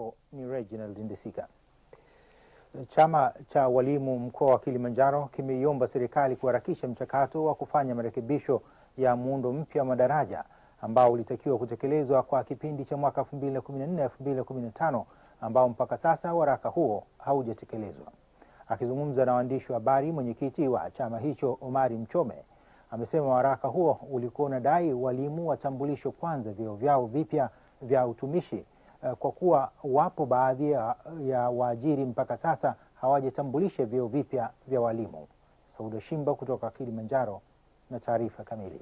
wako ni Reginald Ndisika. Chama cha walimu mkoa wa Kilimanjaro kimeiomba serikali kuharakisha mchakato wa kufanya marekebisho ya muundo mpya wa madaraja ambao ulitakiwa kutekelezwa kwa kipindi cha mwaka 2014 2015, ambao mpaka sasa waraka huo haujatekelezwa. Akizungumza na waandishi wa habari, mwenyekiti wa chama hicho Omari Mchome amesema waraka huo ulikuwa unadai walimu watambulisho kwanza vyeo vyao vipya vya utumishi Eh, kwa kuwa wapo baadhi ya, ya waajiri mpaka sasa hawajatambulisha vyeo vipya vya walimu. Sauda Shimba kutoka Kilimanjaro na taarifa kamili.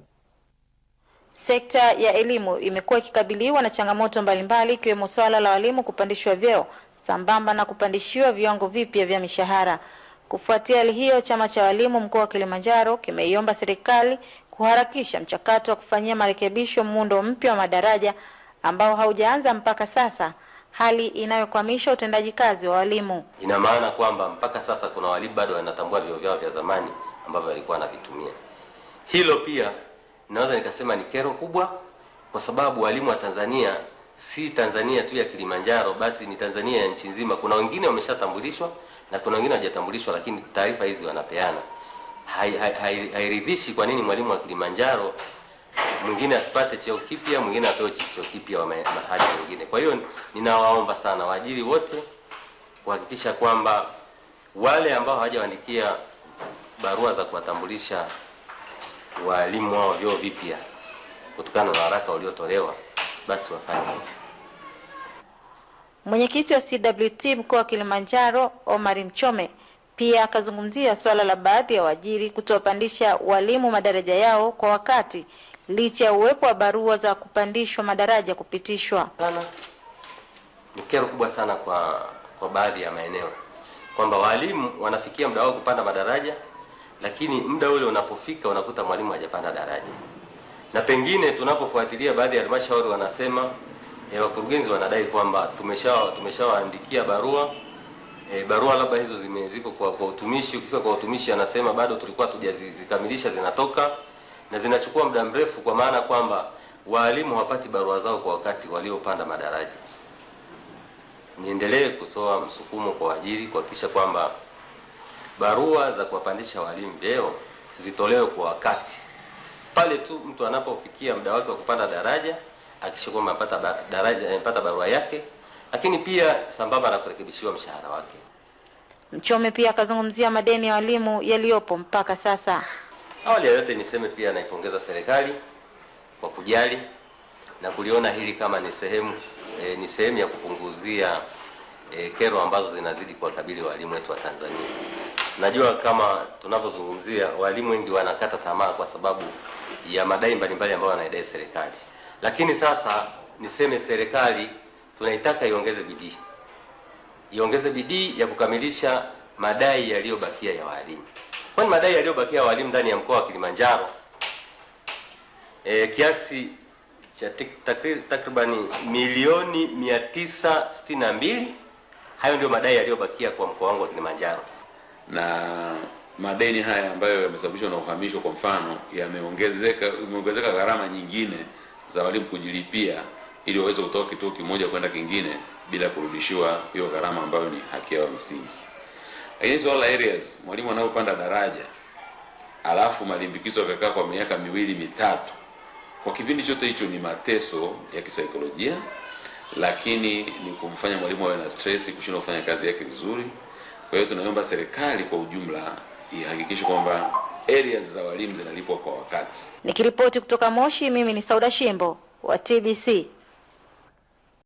Sekta ya elimu imekuwa ikikabiliwa na changamoto mbalimbali ikiwemo swala la walimu kupandishwa vyeo sambamba na kupandishiwa viwango vipya vya mishahara. Kufuatia hali hiyo, chama cha walimu mkoa wa Kilimanjaro kimeiomba serikali kuharakisha mchakato wa kufanyia marekebisho muundo mpya wa madaraja ambao haujaanza mpaka sasa, hali inayokwamisha utendaji kazi wa walimu. Ina maana kwamba mpaka sasa kuna walimu bado wanatambua vyeo vyao vya zamani ambavyo walikuwa wanavitumia. Hilo pia naweza nikasema ni kero kubwa, kwa sababu walimu wa Tanzania si Tanzania tu ya Kilimanjaro, basi ni Tanzania ya nchi nzima. Kuna wengine wameshatambulishwa na kuna wengine hawajatambulishwa, lakini taarifa hizi wanapeana hairidhishi. hai, hai, hai, kwa nini mwalimu wa Kilimanjaro mwingine asipate cheo kipya, mwingine apewe cheo kipya wa mahali mengine. Kwa hiyo ninawaomba sana waajiri wote kuhakikisha kwamba wale ambao hawajawaandikia barua za kuwatambulisha waalimu wao vyoo vipya kutokana na haraka uliotolewa, basi wafanye hivyo. Mwenyekiti wa CWT mkoa wa Kilimanjaro, Omari Mchome, pia akazungumzia swala la baadhi ya waajiri kutowapandisha walimu madaraja yao kwa wakati licha ya uwepo wa barua za kupandishwa madaraja kupitishwa. Sana ni kero kubwa sana kwa kwa baadhi ya maeneo kwamba walimu wanafikia muda wao kupanda madaraja, lakini muda ule unapofika unakuta mwalimu hajapanda daraja, na pengine tunapofuatilia baadhi ya halmashauri wanasema e, wakurugenzi wanadai kwamba tumesha tumeshawaandikia barua e, barua labda hizo zimeziko kwa, kwa utumishi. Ukifika kwa utumishi anasema bado tulikuwa tujazikamilisha zinatoka na zinachukua muda mrefu, kwa maana kwamba waalimu hawapati barua zao kwa wakati waliopanda madaraja. Niendelee kutoa msukumo kwa waajiri kuhakikisha kwamba barua za kuwapandisha walimu vyeo zitolewe kwa wakati, pale tu mtu anapofikia muda wake wa kupanda daraja akisha kwamba amepata daraja amepata barua yake, lakini pia sambamba na kurekebishiwa mshahara wake. Mchome pia akazungumzia madeni ya walimu yaliyopo mpaka sasa. Awali ya yote niseme pia naipongeza serikali kwa kujali na kuliona hili kama ni sehemu e, ni sehemu ya kupunguzia e, kero ambazo zinazidi kuwakabili walimu wetu wa Tanzania. Najua kama tunavyozungumzia walimu wengi wanakata tamaa kwa sababu ya madai mbalimbali ambayo wanaidai serikali, lakini sasa niseme serikali tunaitaka iongeze bidii, iongeze bidii ya kukamilisha madai yaliyobakia ya walimu. Kwani madai yaliyobakia walimu ndani ya mkoa wa Kilimanjaro e, kiasi cha takribani milioni mbili. Hayo ndio madai yaliyobakia kwa mkoa wangu wa Kilimanjaro, na madeni haya ambayo yamesababishwa na uhamisho, kwa mfano, yameongezeka imeongezeka gharama nyingine za walimu kujilipia ili waweze kutoka kituo kimoja kwenda kingine bila kurudishiwa hiyo gharama ambayo ni haki yao msingi against all areas, mwalimu anayopanda daraja alafu malimbikizo yakakaa kwa miaka miwili mitatu, kwa kipindi chote hicho ni mateso ya kisaikolojia, lakini ni kumfanya mwalimu awe na stress, kushindwa kufanya kazi yake vizuri. Kwa hiyo tunaomba serikali kwa ujumla ihakikishe kwamba areas za walimu zinalipwa kwa wakati. Nikiripoti kutoka Moshi, mimi ni Sauda Shimbo wa TBC.